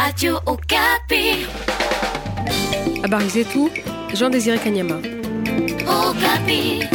Radio Okapi. À Barizetou, Jean Désiré Kanyama. Okapi.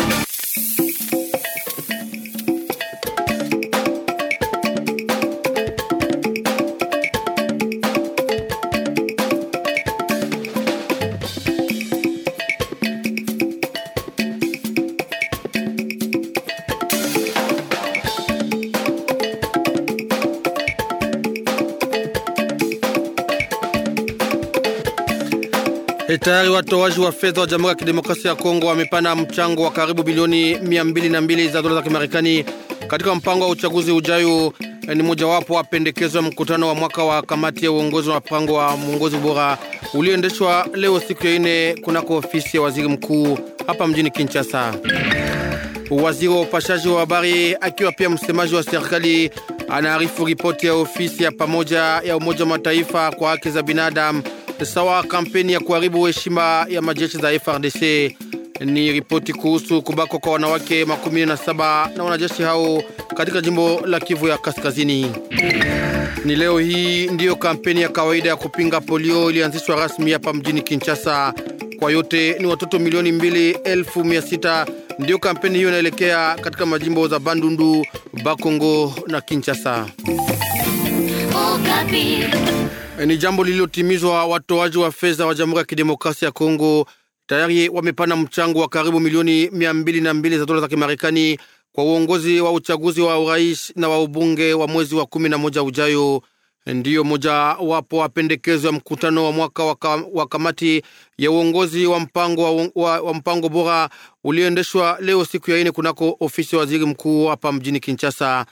E, tayari watoaji wa fedha wa Jamhuri ya Kidemokrasia ya Kongo wamepana mchango wa karibu bilioni 202 za dola za Kimarekani katika mpango wa uchaguzi ujayo. E, ni mojawapo wa pendekezo ya mkutano wa mwaka wa kamati ya uongozi wa mpango wa mwongozi bora ulioendeshwa leo siku ya ine kunako ofisi ya waziri mkuu hapa mjini Kinshasa. Waziri wa upashaji wa habari akiwa pia msemaji wa serikali anaarifu ripoti ya ofisi ya pamoja ya Umoja wa Mataifa kwa haki za binadamu sawa kampeni ya kuharibu heshima ya majeshi za FRDC. Ni ripoti kuhusu kubakwa kwa wanawake makumi na saba na wanajeshi hao katika jimbo la Kivu ya Kaskazini. Ni leo hii ndiyo kampeni ya kawaida ya kupinga polio ilianzishwa rasmi hapa mjini Kinshasa. Kwa yote ni watoto milioni mbili elfu mia sita ndiyo kampeni hiyo inaelekea katika majimbo za Bandundu, Bakongo na Kinshasa. Ni jambo lililotimizwa. Watoaji wa fedha wa Jamhuri ya Kidemokrasia ya Kongo tayari wamepana mchango wa karibu milioni mia mbili na mbili za dola za Kimarekani kwa uongozi wa uchaguzi wa urais na wa ubunge wa mwezi wa kumi na moja ujayo. Ndiyo moja wapo wapendekezo ya mkutano wa mwaka wa kamati ya uongozi wa mpango, wa, wa, wa mpango bora ulioendeshwa leo siku ya ine kunako ofisi ya waziri mkuu hapa mjini Kinshasa.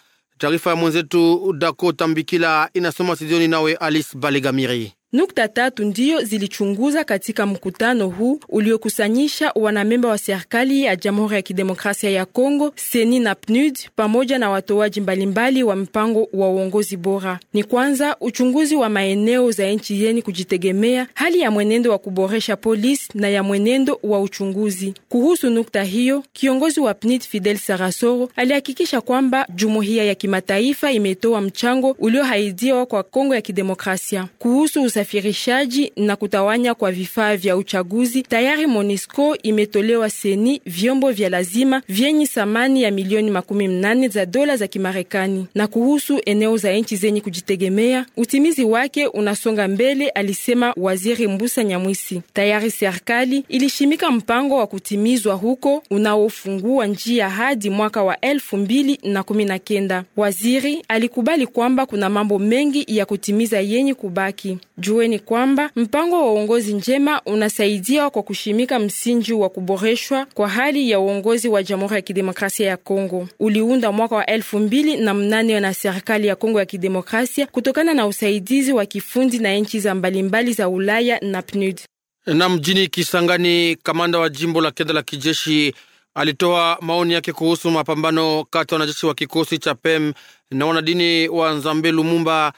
Taarifa ya mwenzetu Dako Tambikila inasoma sizioni nawe Alice Balegamiri. Nukta tatu ndiyo zilichunguza katika mkutano huu uliokusanyisha wanamemba wa serikali ya Jamhuri ya Kidemokrasia ya Kongo, seni na PNUD pamoja na watoaji mbalimbali wa mpango wa uongozi bora. Ni kwanza uchunguzi wa maeneo za nchi yeni kujitegemea, hali ya mwenendo wa kuboresha polisi na ya mwenendo wa uchunguzi. Kuhusu nukta hiyo, kiongozi wa PNUD Fidel Sarasoro alihakikisha kwamba jumuiya ya kimataifa imetoa mchango uliohaidiwa kwa Kongo ya Kidemokrasia. Kuhusu usafirishaji na kutawanya kwa vifaa vya uchaguzi, tayari MONUSCO imetolewa seni vyombo vya lazima vyenye thamani ya milioni makumi mnane za dola za Kimarekani. Na kuhusu eneo za nchi zenye kujitegemea, utimizi wake unasonga mbele, alisema waziri Mbusa Nyamwisi. Tayari serikali ilishimika mpango wa kutimizwa huko unaofungua njia hadi mwaka wa elfu mbili na kumi na kenda. Waziri alikubali kwamba kuna mambo mengi ya kutimiza yenye kubaki jueni kwamba mpango wa uongozi njema unasaidia kwa kushimika msingi wa kuboreshwa kwa hali ya uongozi wa Jamhuri ya Kidemokrasia ya Kongo. Uliunda mwaka wa elfu mbili na mnane na serikali ya Kongo ya Kidemokrasia kutokana na usaidizi wa kifundi na nchi za mbalimbali za Ulaya na PNUD. Na mjini Kisangani, kamanda wa jimbo la kenda la kijeshi alitoa maoni yake kuhusu mapambano kati ya wanajeshi wa kikosi cha PEM na wanadini wa Nzambe Lumumba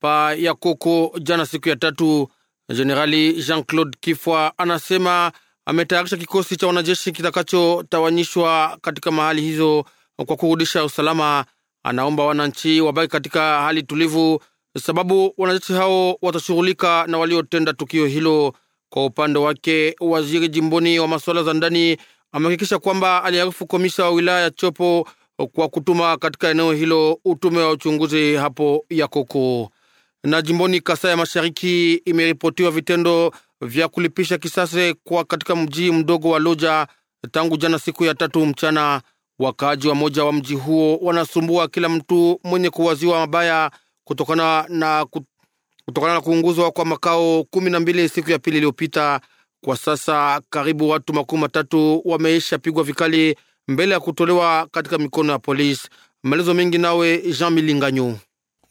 pa ya Koko jana siku ya tatu. Jenerali Jean-Claude Kifwa anasema ametayarisha kikosi cha wanajeshi kitakachotawanyishwa katika mahali hizo kwa kurudisha usalama. Anaomba wananchi wabaki katika hali tulivu, sababu wanajeshi hao watashughulika na waliotenda tukio hilo. Kwa upande wake, waziri jimboni wa masuala za ndani amehakikisha kwamba aliarifu komisa wa wilaya ya Chopo kwa kutuma katika eneo hilo utume wa uchunguzi hapo ya Koko. Na jimboni Kasai ya Mashariki imeripotiwa vitendo vya kulipisha kisasi kwa katika mji mdogo wa Loja tangu jana siku ya tatu mchana. Wakaaji wa moja wa mji huo wanasumbua kila mtu mwenye kuwaziwa mabaya kutokana na, kutokana na kuunguzwa kwa makao kumi na mbili siku ya pili iliyopita. Kwa sasa karibu watu makumi matatu wameisha pigwa vikali mbele ya kutolewa katika mikono ya polisi. Maelezo mengi nawe Jean Milinganyo.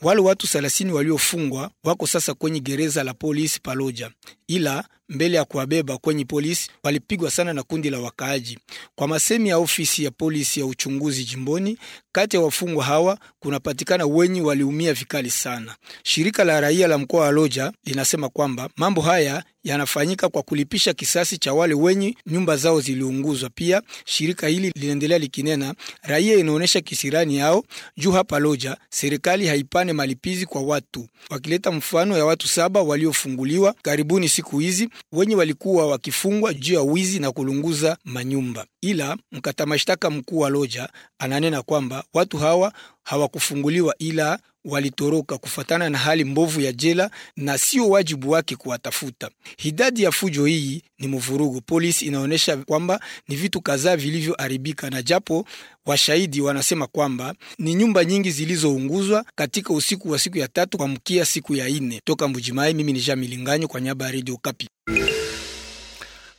Wale watu 30 waliofungwa wako sasa kwenye gereza la polisi Paloja, ila mbele ya kuwabeba kwenye polisi walipigwa sana na kundi la wakaaji. Kwa masemi ya ofisi ya polisi ya uchunguzi jimboni, kati ya wafungwa hawa kunapatikana wenye waliumia vikali sana. Shirika la raia la mkoa wa Loja linasema kwamba mambo haya yanafanyika kwa kulipisha kisasi cha wale wenye nyumba zao ziliunguzwa. Pia shirika hili linaendelea likinena, raia inaonyesha kisirani yao juu hapa Loja serikali haipane malipizi kwa watu, wakileta mfano ya watu saba waliofunguliwa karibuni siku hizi wenye walikuwa wakifungwa juu ya wizi na kulunguza manyumba. Ila mkata mashtaka mkuu wa Loja ananena kwamba watu hawa hawakufunguliwa ila walitoroka kufatana na hali mbovu ya jela na sio wajibu wake kuwatafuta. Idadi ya fujo hii ni mvurugu. Polisi inaonyesha kwamba ni vitu kadhaa vilivyoharibika, na japo washahidi wanasema kwamba ni nyumba nyingi zilizounguzwa katika usiku wa siku ya tatu kuamkia siku ya ine. Toka Mbujimai, mimi ni Jean Milinganyo kwa niaba ya Radio Kapi.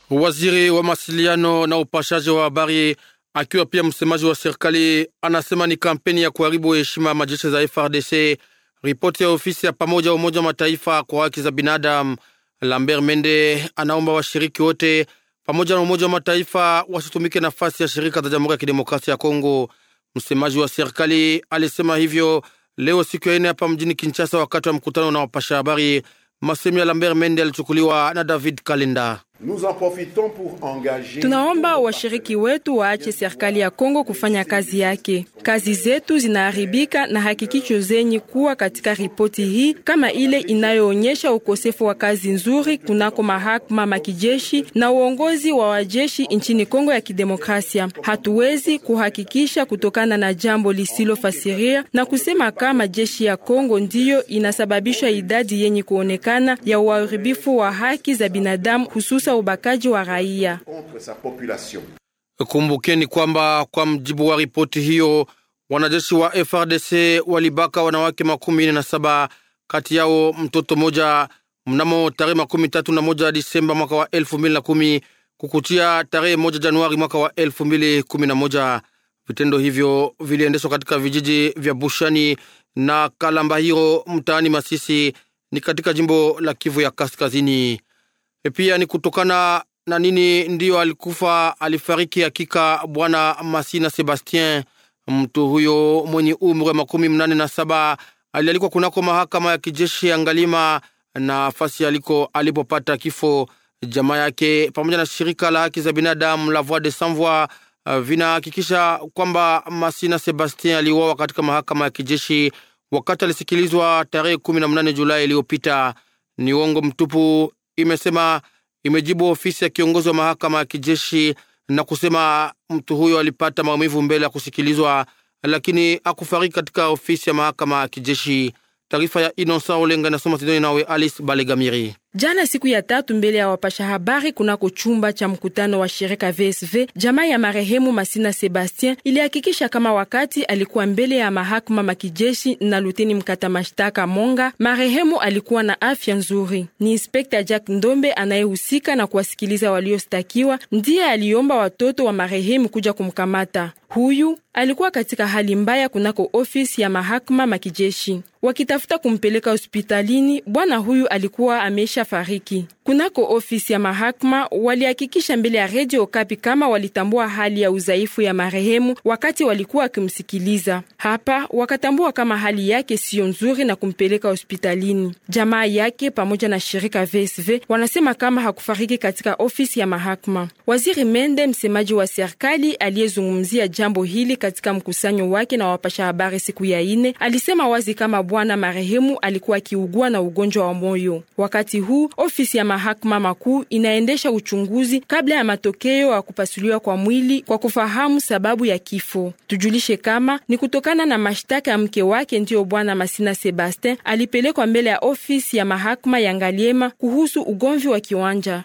Waziri wa mawasiliano na upashaji wa habari akiwa pia msemaji wa serikali, anasema ni kampeni ya kuharibu heshima majeshi za FRDC. Ripoti ya ofisi ya pamoja Umoja wa Mataifa kwa haki za binadamu, Lambert Mende anaomba washiriki wote pamoja na Umoja wa Mataifa wasitumike nafasi ya shirika za Jamhuri ya Kidemokrasia ya Kongo. Msemaji wa serikali alisema hivyo leo siku ya ine hapa mjini Kinshasa, wakati wa mkutano na wapasha habari. Masemi ya Lambert Mende alichukuliwa na David Kalenda. Tunaomba washiriki wetu waache serikali ya Kongo kufanya kazi yake. Kazi zetu zinaharibika na hakikisho zenye kuwa katika ripoti hii kama ile inayoonyesha ukosefu wa kazi nzuri kunako mahakama makijeshi na uongozi wa wajeshi nchini Kongo ya Kidemokrasia. Hatuwezi kuhakikisha kutokana na jambo lisilofasiria na kusema kama jeshi ya Kongo ndiyo inasababisha idadi yenye kuonekana ya uharibifu wa haki za binadamu hususan kukomesha ubakaji wa raia. Kumbukeni kwamba kwa mjibu wa ripoti hiyo wanajeshi wa FRDC walibaka wanawake makumi na saba kati yao mtoto moja mnamo tarehe makumi tatu na moja Disemba mwaka wa elfu mbili na kumi kukutia tarehe moja Januari mwaka wa elfu mbili kumi na moja. Vitendo hivyo viliendeshwa katika vijiji vya Bushani na Kalambahiro mtaani Masisi ni katika jimbo la Kivu ya Kaskazini. E, pia ni kutokana na nini ndiyo alikufa alifariki hakika Bwana Masina Sebastien. Mtu huyo mwenye umri wa makumi mnane na saba alialikwa kunako mahakama ya kijeshi ya Ngalima, fasi aliko alipopata kifo. Jamaa yake pamoja na shirika la haki za binadamu la Voix des Sans Voix uh, vinahakikisha kwamba Masina Sebastien aliuawa katika mahakama ya kijeshi wakati alisikilizwa tarehe mnane Julai iliyopita. Ni uongo mtupu imesema imejibu ofisi ya kiongozi wa mahakama ya kijeshi na kusema mtu huyo alipata maumivu mbele ya kusikilizwa, lakini akufariki katika ofisi ya mahakama ya kijeshi. Taarifa ya Innocent Olenga inasoma Sidoni nawe Alice Balegamiri. Jana siku ya tatu, mbele ya wapasha habari kunako chumba cha mkutano wa shirika VSV, jamaa ya marehemu Masina Sebastien ilihakikisha kama wakati alikuwa mbele ya mahakama makijeshi na luteni mkata mashtaka Monga, marehemu alikuwa na afya nzuri. Ni inspekta Jack Ndombe anayehusika na kuwasikiliza waliostakiwa ndiye aliomba watoto wa marehemu kuja kumkamata. Huyu alikuwa katika hali mbaya kunako ofisi ya mahakama makijeshi, wakitafuta kumpeleka hospitalini. Bwana huyu alikuwa amesha Fariki kunako ofisi ya mahakama walihakikisha mbele ya redio Okapi kama walitambua hali ya udhaifu ya marehemu wakati walikuwa wakimsikiliza. Hapa wakatambua kama hali yake siyo nzuri na kumpeleka hospitalini. Jamaa yake pamoja na shirika VSV wanasema kama hakufariki katika ofisi ya mahakama. Waziri Mende, msemaji wa serikali aliyezungumzia jambo hili katika mkusanyo wake na wapasha habari siku ya ine, alisema wazi kama bwana marehemu alikuwa akiugua na ugonjwa wa moyo. Wakati huu ofisi ya mahakama makuu inaendesha uchunguzi kabla ya matokeo ya kupasuliwa kwa mwili kwa kufahamu sababu ya kifo. Tujulishe kama ni kutokana na mashtaka ya mke wake ndiyo bwana Masina sebastin alipelekwa mbele ya ofisi ya mahakama ya Ngaliema kuhusu ugomvi wa kiwanja.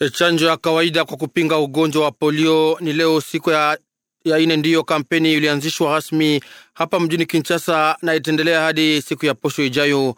Eh, chanjo ya kawaida kwa kupinga ugonjwa wa polio ni leo siku ya ya ine ndiyo kampeni ilianzishwa rasmi hapa mjini Kinshasa na itaendelea hadi siku ya posho ijayo.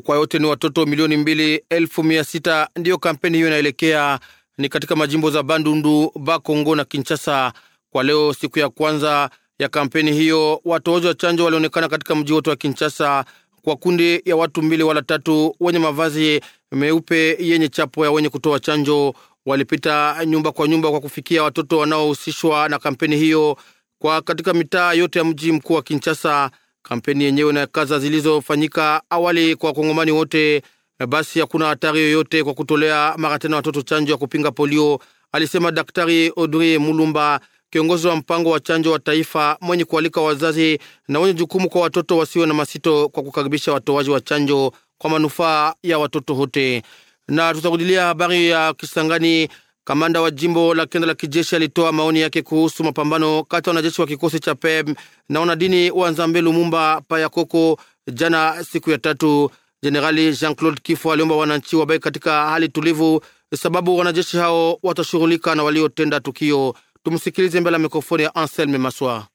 Kwa yote ni watoto milioni mbili elfu mia sita ndiyo kampeni hiyo inaelekea, ni katika majimbo za Bandundu, Bakongo na Kinshasa. Kwa leo, siku ya kwanza ya kampeni hiyo, watoaji wa chanjo walionekana katika mji wote wa Kinshasa kwa kundi ya watu mbili wala tatu wenye mavazi meupe yenye chapo ya wenye kutoa chanjo. Walipita nyumba kwa nyumba kwa kufikia watoto wanaohusishwa na kampeni hiyo kwa katika mitaa yote ya mji mkuu wa Kinshasa. Kampeni yenyewe na kaza zilizofanyika awali kwa wakongomani wote, basi hakuna hatari yoyote kwa kutolea mara tena watoto chanjo ya kupinga polio, alisema Daktari Audrey Mulumba, kiongozi wa mpango wa chanjo wa taifa, mwenye kualika wazazi na wenye jukumu kwa watoto wasiwe na masito kwa kukaribisha watoaji wa chanjo kwa manufaa ya watoto wote. Na tutarudilia habari ya Kisangani Kamanda wa jimbo la kenda la kijeshi alitoa maoni yake kuhusu mapambano kati ya wanajeshi wa kikosi cha PEM na wanadini wa Nzambe Lumumba Payakoko jana siku ya tatu. Jenerali Jean-Claude Kifo aliomba wananchi wabaki katika hali tulivu, sababu wanajeshi hao watashughulika na waliotenda tukio. Tumsikilize mbele ya mikrofoni ya Anselme Maswa.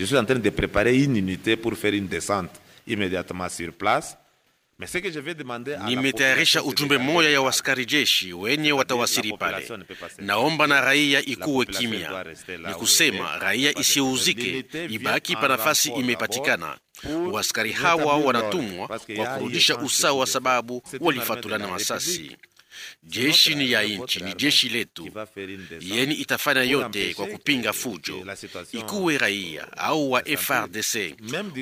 Je suis en train de preparer une unité pour faire une descente immédiatement sur place Nimetayarisha ujumbe moya ya waskari jeshi wenye watawasiri pale. Naomba na raia ikuwe kimya, ni kusema raia isiyouzike, ibaki pa nafasi imepatikana. Waskari hawa wanatumwa kwa kurudisha usawa, sababu walifatula na masasi. Jeshi ni ya nchi, ni jeshi letu, yeni itafanya yote kwa kupinga fujo, ikuwe raia au wa FRDC.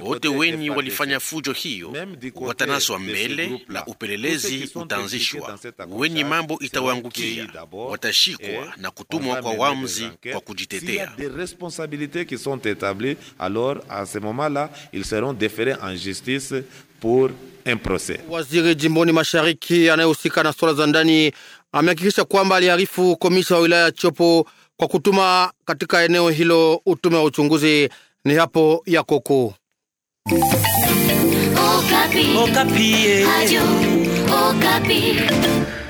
Wote weni walifanya fujo hiyo watanaswa mbele eh, na upelelezi utaanzishwa, wenyi mambo itawaangukia watashikwa na kutumwa kwa wamzi kwa kujitetea pour un procès. Waziri jimboni mashariki anayehusika na swala za ndani amehakikisha kwamba aliarifu komisa wa wilaya ya Chopo kwa kutuma katika eneo hilo utume wa uchunguzi ni hapo ya koko Okapi. Okapi. Eh.